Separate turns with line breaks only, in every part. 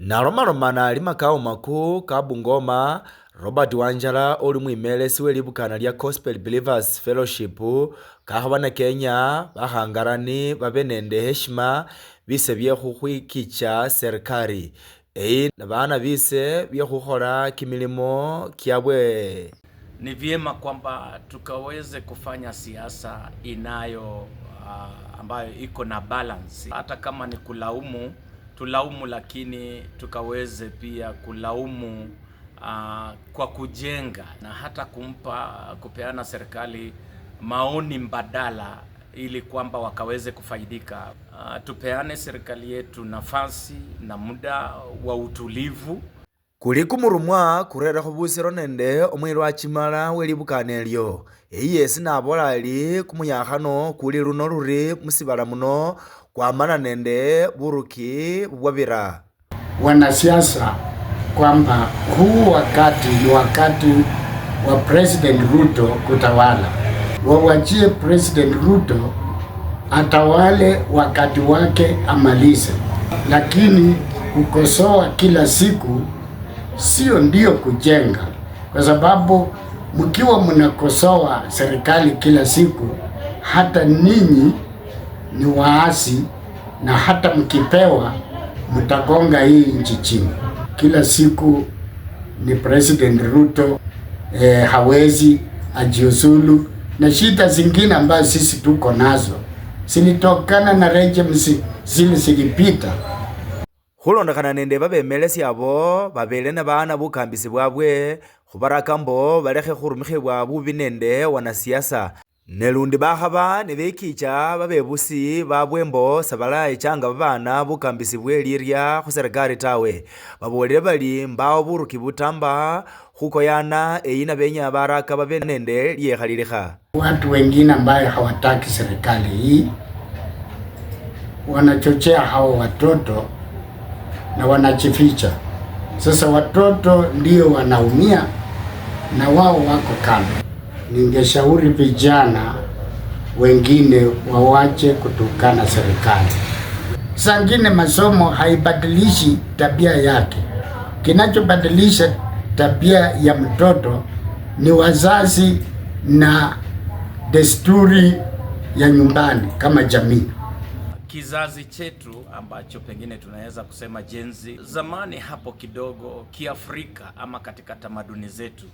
na lomalomana ali makhawo makulu ka bungoma robert wanjala oli mwimele siwe lipukana lya gospel believers fellowship kahawana kenya bahangarani babe nende heshima bise byekhukhwikicha serikali eyi baana bise byekhukhola kimilimo kyabwe
ni vyema kwamba tukaweze kufanya siasa inayo uh, ambayo iko na balance hata kama ni kulaumu tulaumu, lakini tukaweze pia kulaumu uh, kwa kujenga na hata kumpa kupeana serikali maoni mbadala ili kwamba wakaweze kufaidika. Uh, tupeane serikali yetu nafasi na muda wa utulivu
kuli kumurumwa kurelekho busiro nende omwelo we welibukana elyo eyi esi nabola ali kumuyakhano kuli luno luri musibala muno kwamana nende buruki bubwabira
wanasiasa kwamba huu wakati ni wakati wa President Ruto kutawala. Wawachie President Ruto atawale wakati wake amalize, lakini kukosoa kila siku sio ndio kujenga, kwa sababu mkiwa mnakosoa serikali kila siku, hata ninyi ni waasi, na hata mkipewa mtagonga hii nchi chini. Kila siku ni President Ruto eh, hawezi ajiuzulu, na shida zingine ambazo sisi tuko nazo zilitokana na rejimu zile zilipita
khulondekhana nende babemelesya abo babele nebaana bukambisi bwabwe khubaraka mbo balekhe khurumikhibwa bubi nende wanasiasa nelundi bakhaba nebekicha babebusi babwe mbo sebalaechanga babana bukambisi bwe lirya khuserekari tawe babolele bali mbawo buruki butamba khukoyana eyi benya baraka babe nende lyekhalilikha
watu wengine ambaye hawataki serikali hii wanachochea hao watoto na wanajificha. Sasa watoto ndio wanaumia na wao wako kando. Ningeshauri vijana wengine wawache kutukana serikali. Sangine masomo haibadilishi tabia yake. Kinachobadilisha tabia ya mtoto ni wazazi na desturi ya nyumbani kama jamii
kizazi chetu ambacho pengine tunaweza kusema Gen Z. Zamani hapo kidogo, Kiafrika ama katika tamaduni zetu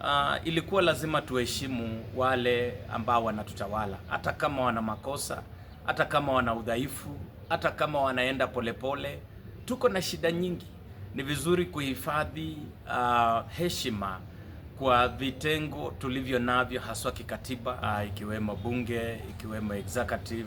uh, ilikuwa lazima tuheshimu wale ambao wanatutawala, hata kama wana makosa, hata kama wana udhaifu, hata kama wanaenda polepole. Tuko na shida nyingi, ni vizuri kuhifadhi uh, heshima kwa vitengo tulivyo navyo haswa kikatiba, uh, ikiwemo bunge, ikiwemo executive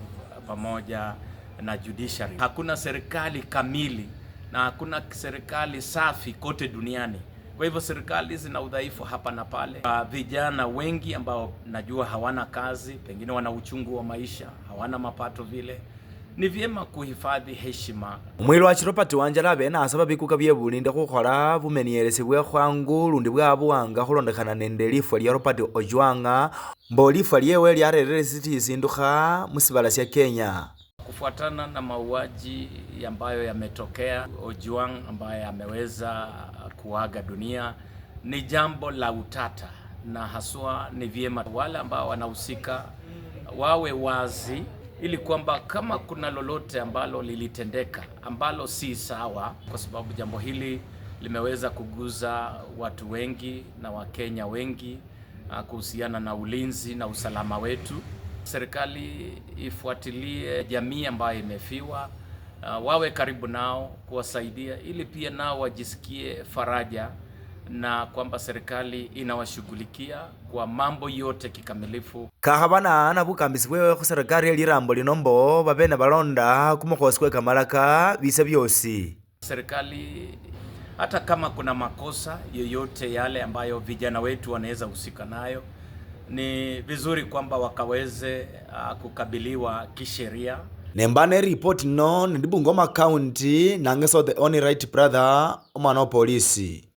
pamoja na judiciary. Hakuna serikali kamili na hakuna serikali safi kote duniani. Kwa hivyo serikali zina udhaifu hapa na pale. Vijana wengi ambao najua hawana kazi, pengine wana uchungu wa maisha, hawana mapato vile ni vyema kuhifadhi heshima
mwili wa chiropa pati wanje labe nasaba bikuka byebulinde khukhola bumenyelesi bwe khwangu lundi bwa buwanga khulondekhana nende lifwa lya robert ojwanga mbo lifwa lyewe lyarerere sitisindukha musibala sya kenya
kufuatana na mauaji ambayo yametokea Ojwang ambaye ameweza kuaga dunia ni jambo la utata, na haswa ni vyema wale ambao wanahusika wawe wazi ili kwamba kama kuna lolote ambalo lilitendeka ambalo si sawa, kwa sababu jambo hili limeweza kuguza watu wengi na Wakenya wengi ah, kuhusiana na ulinzi na usalama wetu, serikali ifuatilie jamii ambayo imefiwa, ah, wawe karibu nao kuwasaidia, ili pia nao wajisikie faraja na kwamba serikali inawashughulikia kwa mambo yote kikamilifu
kakhavana na vukambizi bwewe serikali ya lirambo linombo babe na balonda kumukhosi kwe kamalaka bisa byosi
serikali hata kama kuna makosa yoyote yale ambayo vijana wetu wanaweza husika nayo ni vizuri kwamba wakaweze uh, kukabiliwa kisheria
nembana eripoti no nindibungoma county nange so the only right brother omwana wa polisi